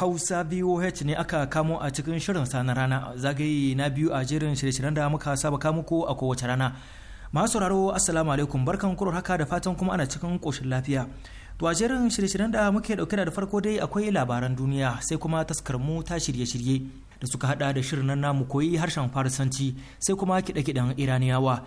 Hausa VOH ne aka kamo a cikin shirin sana rana zagaye na biyu a jerin shirye-shiryen da muka saba kamo ko a kowace rana. Masu sauraro Assalamu alaikum barkan kuro haka da fatan kuma ana cikin koshin lafiya. To a jerin shirye-shiryen da muke dauke da farko dai akwai labaran duniya sai kuma taskar mu ta shirye-shirye da suka hada da shirin nan namu koyi harshen Farisanci sai kuma kiɗe-kiɗen Iraniyawa.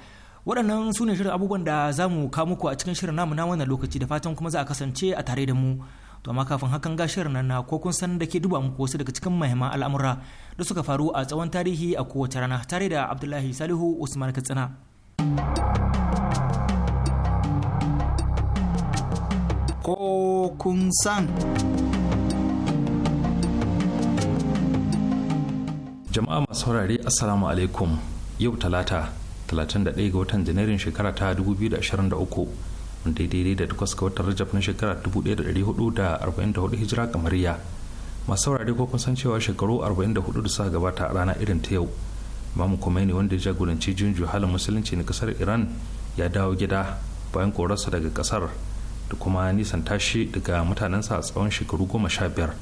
Waɗannan su shirin abubuwan da za mu kamo a cikin shirin namu na wannan lokaci da fatan kuma za a kasance a tare da mu. to amma kafin hakan ga shirin nan na ko kun san da ke duba muku wasu daga cikin mahimman al'amura da suka faru a tsawon tarihi a kowace rana tare da Abdullahi Salihu Usman Katsina. Ko kun san. Jama'a masu saurare Assalamu alaikum yau talata 31 ga watan Janairun shekara ta 2023 wanda daidai da takwas ga watan rajab na shekara 1444 hijira kamariya masu saurare ko kasancewa san cewa shekaru 44 da suka gabata a rana irin ta yau kuma ne wanda ya jagoranci junju halin musulunci na kasar iran ya dawo gida bayan korarsa daga kasar da kuma nisan tashi daga mutanensa a tsawon shekaru goma sha biyar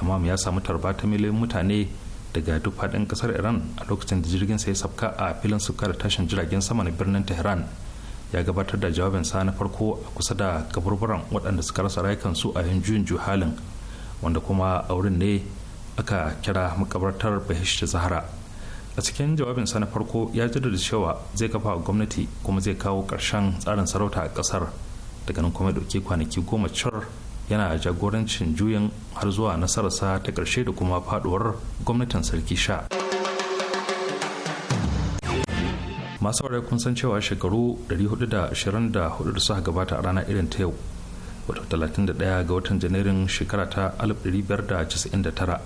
amma ya samu tarba ta miliyan mutane daga duk faɗin kasar iran a lokacin da jirgin sai sabka a filin suka da tashin jiragen sama na birnin tehran ya gabatar da jawabinsa na farko a kusa da kaburburan waɗanda suka rasa rayukansu a yin juyin juhalin wanda kuma a wurin ne aka kira makabartar bahish da zahara a cikin jawabin sa na farko ya jaddada cewa zai kafa gwamnati kuma zai kawo karshen tsarin sarauta a ƙasar daga nan kuma dauke kwanaki goma cir yana jagorancin juyin har zuwa nasararsa ta ƙarshe da kuma faduwar gwamnatin sarki sha. masu ware kun san cewa shekaru 424 da suka gabata a rana irin ta yau wato 31 ga watan janairun shekara ta 1599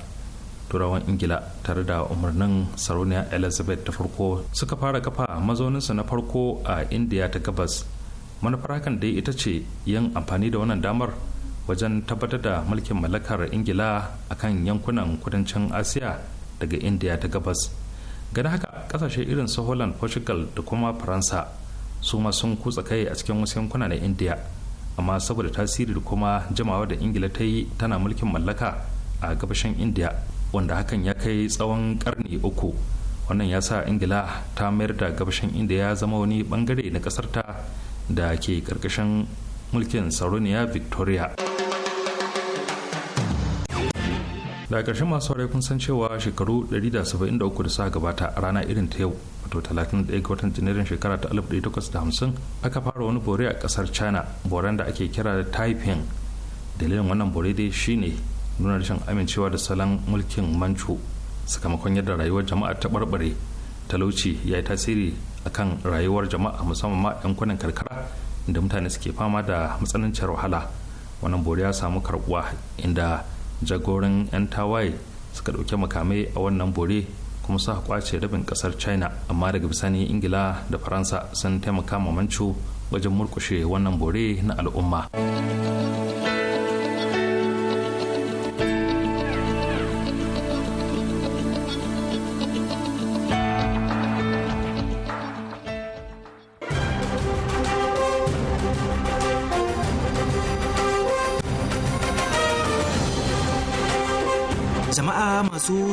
turawan ingila tare da umarnin sarauniya elizabeth ta farko suka fara kafa mazauninsa na farko a indiya ta gabas manufar hakan dai ita ce yin amfani da wannan damar wajen tabbatar da mulkin mallakar ingila a kan yankunan kudancin asiya daga indiya ta gabas gani haka kasashe irin su holland portugal da kuma faransa su ma sun kutsa kai a cikin wasu yankuna na india amma saboda tasiri da kuma jimawa da ingila ta yi tana mulkin mallaka a gabashin india wanda hakan ya kai tsawon karni uku wannan ya sa ingila ta mayar da gabashin india ya zama wani bangare na kasar da ke karkashin mulkin sarauniya victoria daga ƙarshen masu saurari kun san cewa shekaru 173 da suka gabata a rana irin ta yau wato 31 ga watan janairun shekara ta 1850 aka fara wani bore a ƙasar china boren da ake kira da taiping dalilin wannan bore dai shine nuna rashin amincewa da salon mulkin manchu sakamakon yadda rayuwar jama'a ta barbare talauci ya yi tasiri a kan rayuwar jama'a musamman ma yankunan karkara inda mutane suke fama da matsanancin wahala wannan bore ya samu karbuwa inda jagoran 'yan tawaye suka ɗauki makamai a wannan bore kuma suka kwace rabin ƙasar china amma daga bisani ingila da faransa sun taimaka mamancu wajen murƙushe wannan bore na al'umma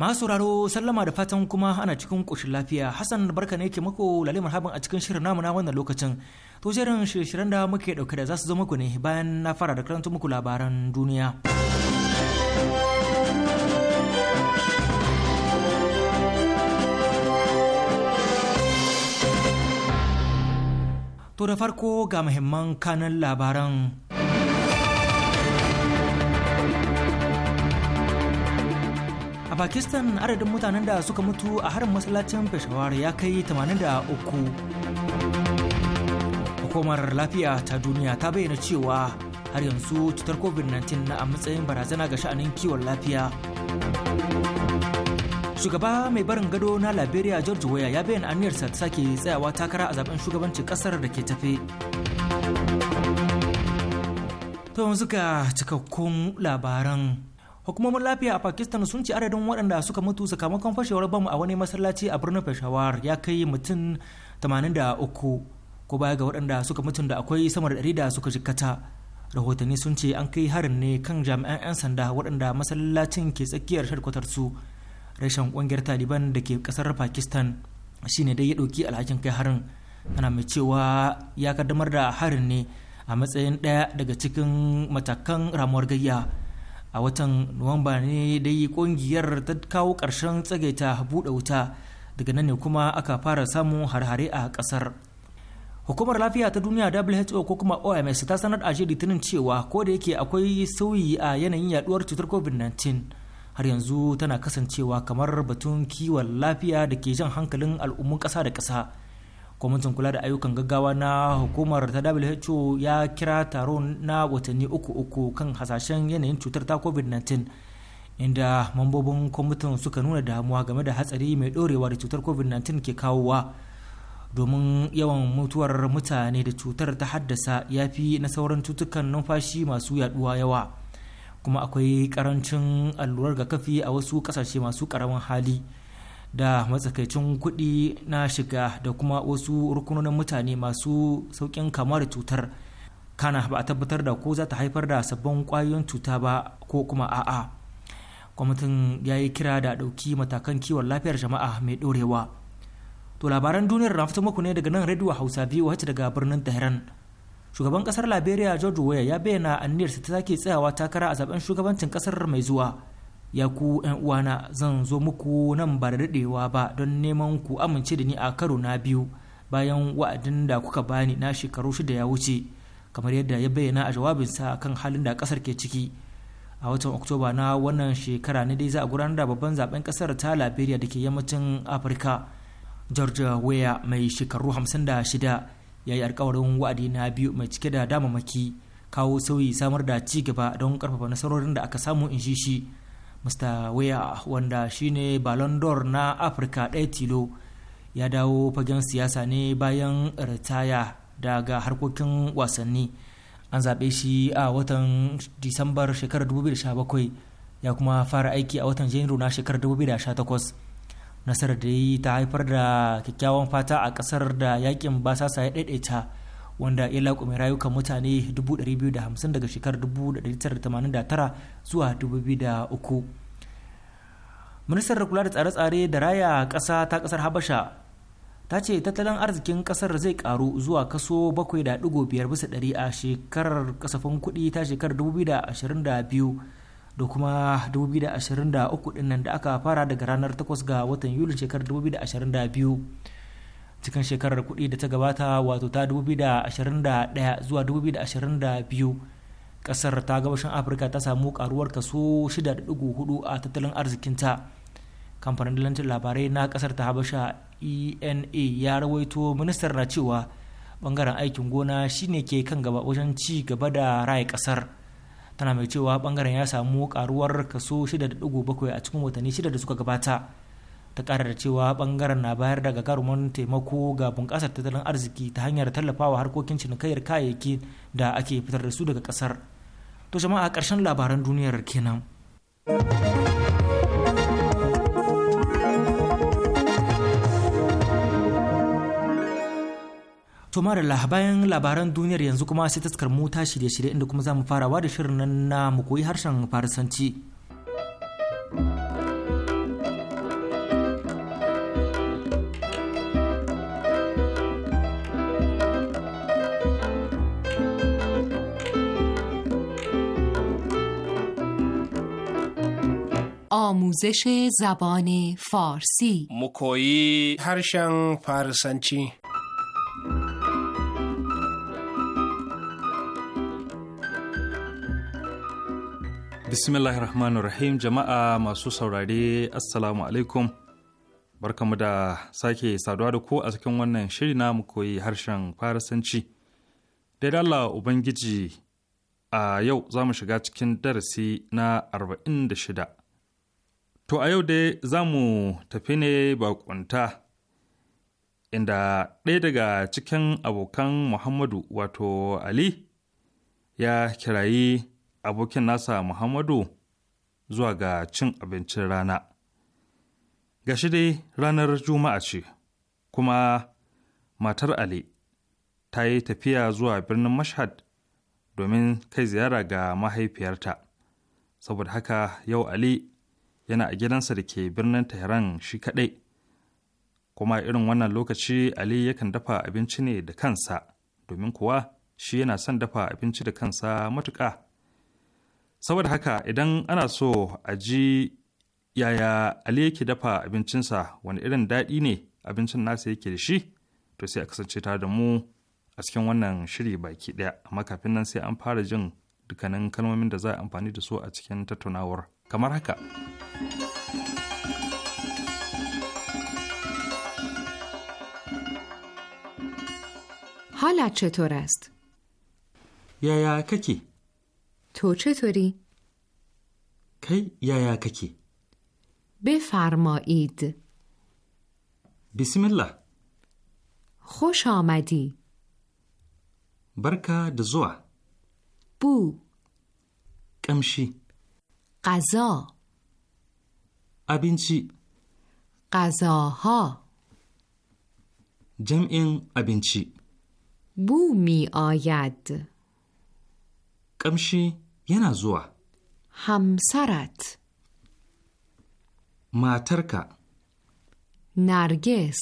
masu sauraro sallama da fatan kuma ana cikin ƙoshin lafiya hassan barka ne ke mako lalimar marhaban a cikin shirin namu na wannan lokacin to shirin shirye-shiryen da muke ɗauke da za su zo muku ne bayan na fara da karanta muku labaran duniya to da farko ga muhimman kanan labaran pakistan adadin mutanen da suka mutu a harin masallacin peshawar ya kai 83 hukumar lafiya ta duniya ta bayyana cewa har yanzu cutar covid-19 na a matsayin barazana ga sha'anin kiwon lafiya shugaba mai barin gado na liberia george weah ya bayyana aniyarsa ta sake tsayawa takara a zaben shugabancin kasar da ke tafe to yanzu cikakkun labaran hukumomin lafiya a pakistan sun ce adadin waɗanda suka mutu sakamakon fashewar bamu a wani masallaci a birnin peshawar ya kai mutum 83 ko baya ga waɗanda suka mutu da akwai sama da 100 da suka jikkata rahotanni sun ce an kai harin ne kan jami'an 'yan sanda waɗanda masallacin ke tsakiyar sharkwatar su rashin ƙungiyar taliban da ke ƙasar pakistan shine dai ya ɗauki alhakin kai harin ana mai cewa ya kaddamar da harin ne a matsayin ɗaya daga cikin matakan ramuwar gayya a watan nuwamba ne dai kungiyar ta kawo ƙarshen tsagaita buɗe wuta daga nan ne kuma aka fara samun harhare a ƙasar hukumar lafiya ta duniya who ko kuma oms ta sanar a litinin cewa ko da yake akwai sauyi a yanayin yaduwar cutar covid-19 har yanzu tana kasancewa kamar batun kiwon lafiya da ke jan hankalin al'ummun ƙasa da ƙasa kwamitin kula da ayyukan gaggawa na hukumar ta who ya kira taro na watanni uku uku kan hasashen yanayin cutar ta covid-19 inda mambobin kwamitin suka nuna damuwa game da hatsari mai dorewa da cutar covid-19 ke kawowa domin yawan mutuwar mutane da cutar ta haddasa ya fi na sauran cutukan numfashi masu yaduwa yawa kuma akwai karancin allurar ga kafi a wasu kasashe masu karamin hali. da matsakaicin kuɗi na shiga da kuma wasu rukunonin mutane masu sauƙin kamar da cutar kana ba a tabbatar da ko za ta haifar da sabbin ƙwayoyin cuta ba ko kuma a'a kwamitin ya yi kira da ɗauki matakan kiwon lafiyar jama'a mai ɗorewa to labaran duniyar na fito muku ne daga nan rediyo hausa biyu wacce daga birnin tehran shugaban kasar liberia george weah ya bayyana aniyarsa ta sake tsayawa takara a zaben shugabancin kasar mai zuwa ya ku ‘yan uwana zan zo muku nan ba da daɗewa ba don neman ku amince da ni a karo na biyu bayan wa'adin da kuka bani na shekaru shida ya wuce kamar yadda ya bayyana a jawabinsa kan halin da ƙasar ke ciki a watan oktoba na wannan shekara ne dai za a gudanar da babban zaben ƙasar ta liberia da ke yammacin afirka george weah mai shekaru hamsin da shida ya yi alkawarin wa'adi na biyu mai cike da damamaki kawo sauyi samar da ci gaba don karfafa nasarorin da aka samu in shi mr weah wanda shine ballon d'or na afirka ɗaya tilo ya dawo fagen siyasa ne bayan ritaya daga harkokin wasanni an zaɓe shi a watan disambar shekarar 2017 ya kuma fara aiki a watan janairu na shekarar 2018 nasarar da yi ta haifar da kyakkyawan fata a ƙasar da yakin basasa ya ɗaiɗaita wanda ya laƙume rayukan mutane 250 daga shekarar 1989 zuwa 2003 ministar kula da tsare-tsare da raya ƙasa ta ƙasar habasha ta ce tattalin arzikin ƙasar zai ƙaru zuwa kaso 7.5 bisa ɗari a shekarar kasafin kuɗi ta shekarar 2022 da kuma 2023 din nan da aka fara daga ranar 8 ga watan yulin shekarar 2022 cikin shekarar kuɗi da ta gabata wato ta 2021 zuwa 2022 ƙasar ta gabashin afirka ta samu karuwar kaso 6.4 a tattalin arzikinta kamfanin dalancin labarai na kasar ta habasha ena ya rawaito ministar na cewa bangaren aikin gona shine ke kan gaba wajen ci gaba da raya ƙasar tana mai cewa bangaren ya samu karuwar kaso 6.7 a cikin watanni shida da suka gabata ta kara da cewa bangaren na bayar da gagarumin taimako ga bunƙasar tattalin arziki ta hanyar tallafawa harkokin cinikayyar kayayyaki da ake fitar da su daga ƙasar to jama'a ƙarshen labaran duniyar kenan to marala bayan labaran duniyar yanzu kuma sai taskar mu ta shirye-shirye inda kuma za mu farawa da shirin nan na mu koyi harshen farisanci آموزش زبان فارسی مکویی هرشن فارسنچی bismillahir rahmanir rahim jama'a masu saurare asalamu alaikum barkamu da sake saduwa da ku a cikin wannan shiri na mu koyi harshen farasanci da Allah ubangiji a yau za mu shiga cikin darasi na 46 To a yau dai za mu tafi ne bakunta inda ɗaya daga cikin abokan Muhammadu wato Ali ya kirayi abokin nasa Muhammadu zuwa ga cin abincin rana. Ga shi dai ranar Juma'a ce, kuma matar Ali ta yi tafiya zuwa birnin Mashhad domin kai ziyara ga mahaifiyarta. Saboda haka yau Ali yana a gidansa da ke birnin Tehran shi kaɗai. Kuma irin wannan lokaci Ali yakan dafa abinci ne da kansa, domin kuwa shi yana son dafa abinci da kansa matuƙa. Saboda haka idan ana so a ji yaya Ali yake dafa abincinsa wani irin daɗi ne abincin nasa yake da shi, to sai a kasance tare da mu a cikin wannan shiri baki ɗaya, amma kafin nan sai an fara jin dukkanin kalmomin da za a amfani da su a cikin tattaunawar. kamar haka حالت چطور است؟ یا یا ککی تو چطوری؟ کی یا یا ککی بفرمایید بسم الله خوش آمدی برکه دزوع بو کمشی غذا ابینچی غذاها جمع ابینچی بو می آید کمشی ینا زوا همسرت ماترکا نرگس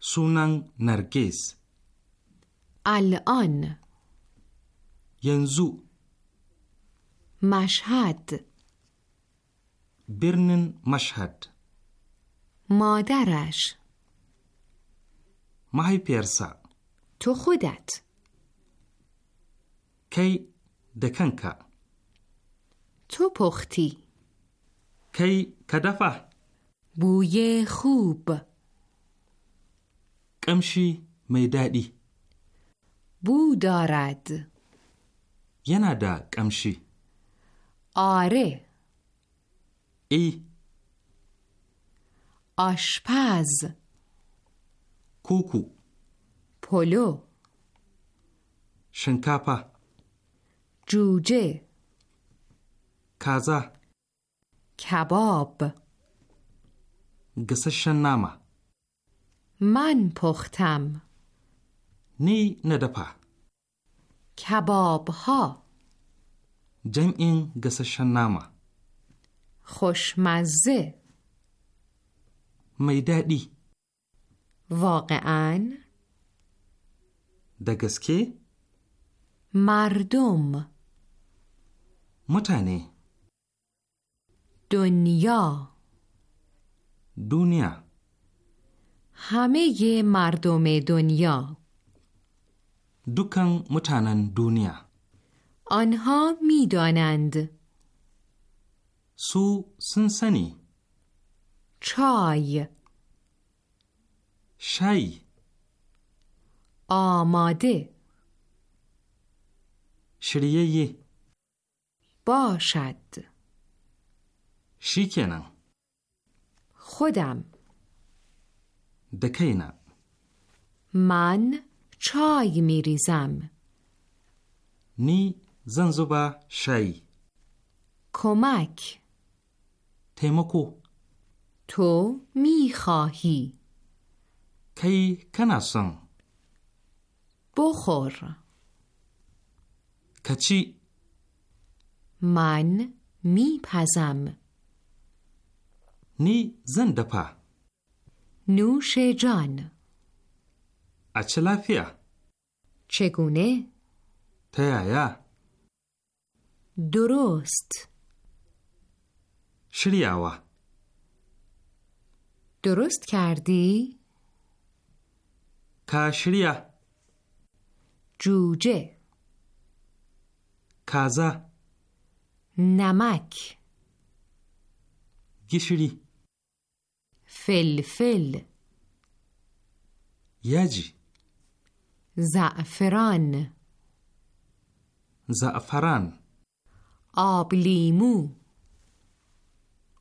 سونن نرگس الان ینزو مشهد برنن مشهد مادرش مهی پیرسا تو خودت کی دکنکا تو پختی کی کدفه بوی خوب کمشی میدادی بو دارد یه ندا کمشی آره ای آشپز کوکو پلو شنکاپا جوجه کازا کباب گسه نامه من پختم نی ندپا کباب ها جمعین گسشن نامه خوشمزه میدادی واقعا دگسکی مردم متانه دنیا دنیا همه مردم دنیا دکان متانن دنیا آنها میدانند سو سنسنی چای شی آماده شریه باشد شیکنم خودم دکینم من چای میریزم نی zan zuba shayi. Komak Taimako To mi khahi. Kai kana son. Bukhur. Ka ci. Man mi pazam. Ni zan dafa. Nushe jan. A ci lafiya. Cegune. Ta yaya. درست شریعه درست کردی؟ کاشریه جوجه کازا نمک گشری فلفل یجی زعفران زعفران آب لیمو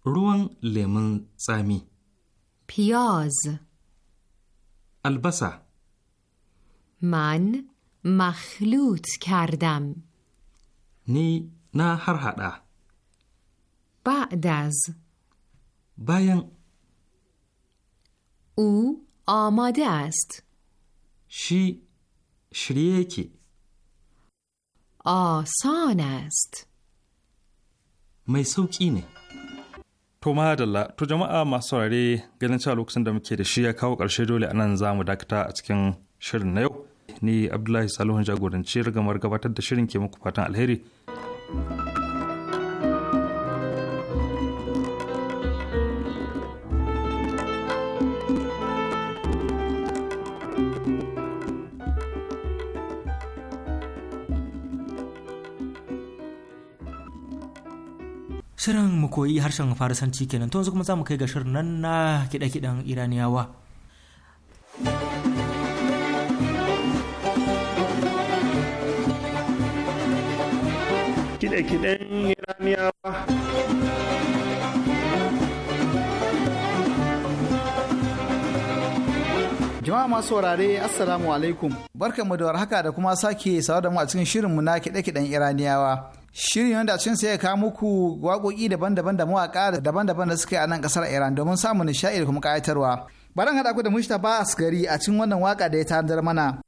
روان لیمون زمی، پیاز البسه من مخلوط کردم نی نه هر حدا بعد از باین او آماده است شی شریکی آسان است mai sauƙi ne. To madalla, to jama'a masu saurare ganin cewa lokacin da muke da shi ya kawo ƙarshe dole anan za mu dakata a cikin shirin na yau. Ni Abdullahi Salihu jagoranci rigamar gabatar da shirin ke muku fatan alheri. Shirin mu koyi harshen Farisanci kenan to yanzu kuma za mu kai ga shirin nan na kiɗe-kiɗen Iraniyawa. Kiɗe-kiɗen Iraniyawa. Jama'a masu saurare Assalamu alaikum. Barkanmu da warhaka da kuma sake sawa da mu a cikin shirinmu na kiɗe-kiɗen Iraniyawa. Shirin yadda cin sai ya kawo muku waƙoƙi daban-daban da mawaƙa daban-daban da suka yi a nan ƙasar Iran domin samun nishaɗi da kuma ƙayatarwa. Baran haɗa ku da Mustapha Asgari a cikin wannan waka da ya tanadar mana.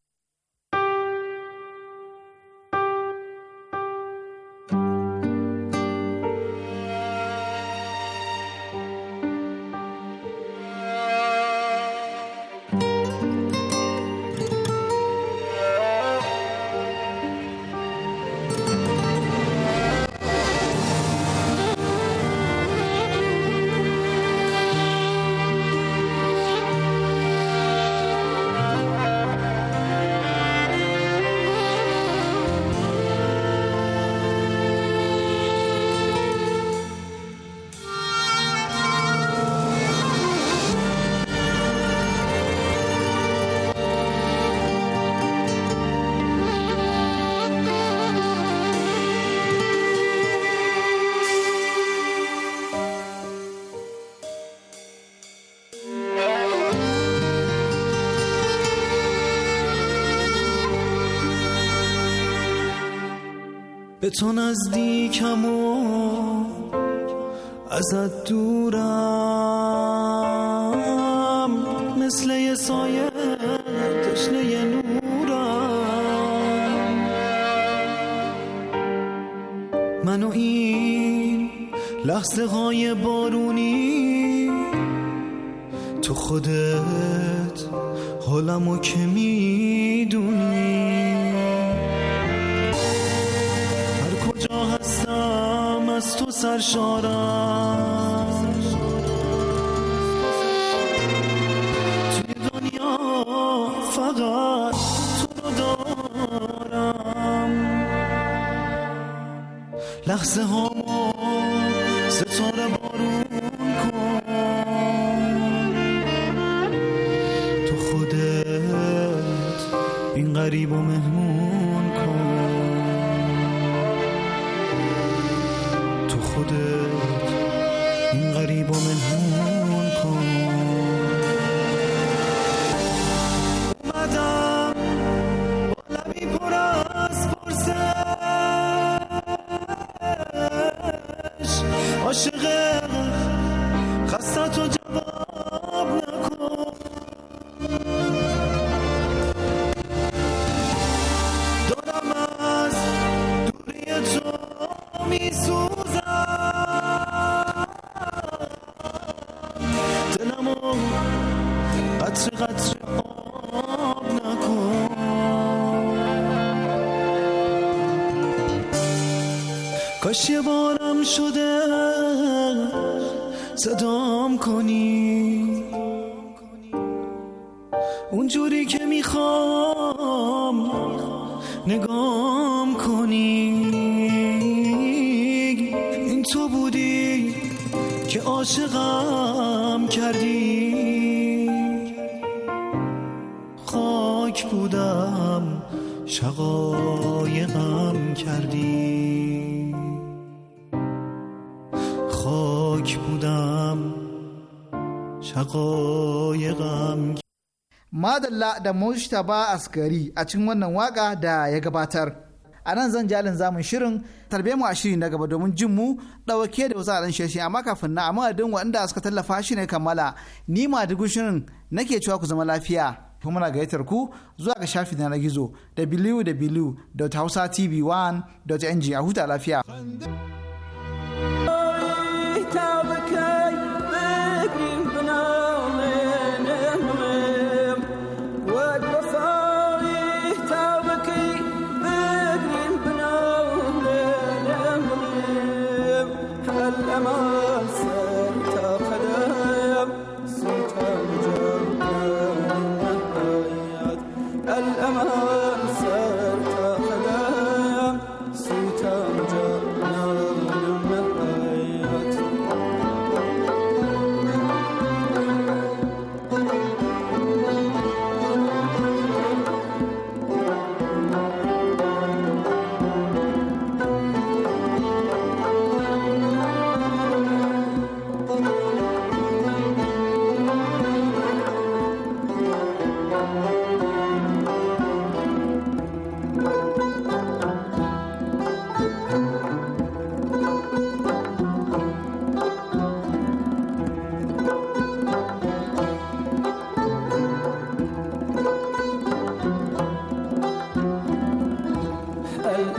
به تو نزدیکم و ازت دورم مثل یه سایه تشنه نورم من و این لحظه های بارونی تو خودت حالمو که می سرشارم توی دنیا فقط تو رو دارم لحظه همو ستاره when है उनको کاش یه بارم شده صدام کنی اونجوری که میخوام نگام کنی این تو بودی که عاشقم کردی خاک بودم شقایقم کردی shaqoyiqam madalla da mushtaba askari a cikin wannan waka da ya gabatar a nan zan jalin zamun shirin tarbe mu a shiri na gaba domin jin mu ɗauke da wasu adan sheshi amma kafin na amma adin wanda suka tallafa shi ne kammala ni ma dugu shirin nake cewa ku zama lafiya kuma muna gayyatar ku zuwa ga shafi na gizo www.hausatv1.ng a huta lafiya.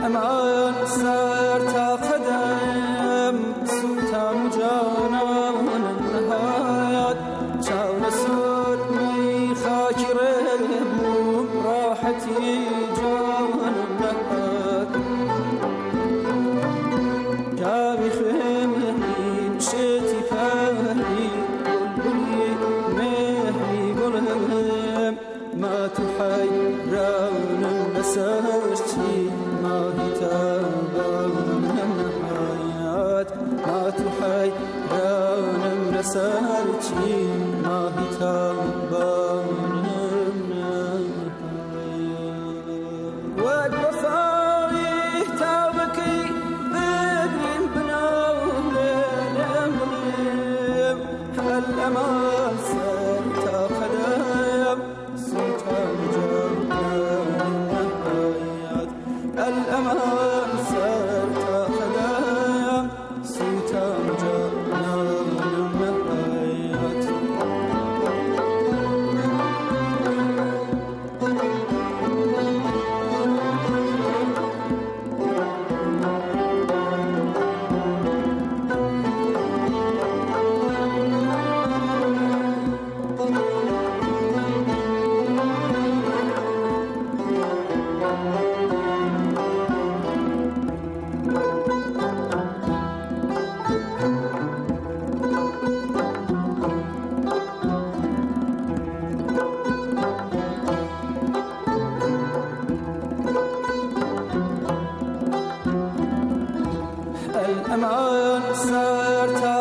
I'm I الأمان سارت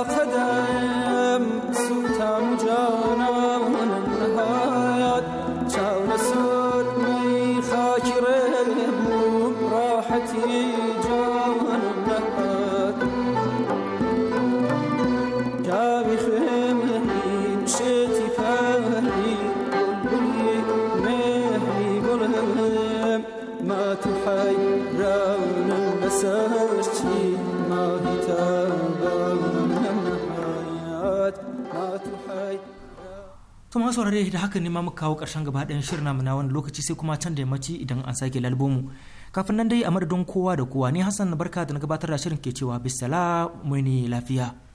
saurare da haka ne ma muka kawo ƙarshen gaba ɗayan shirin namu na wani lokaci sai kuma can da yammaci idan an sake lalbomu kafin nan dai a madadin kowa da kowa ne hassan barka da na gabatar da shirin ke cewa bisala muni lafiya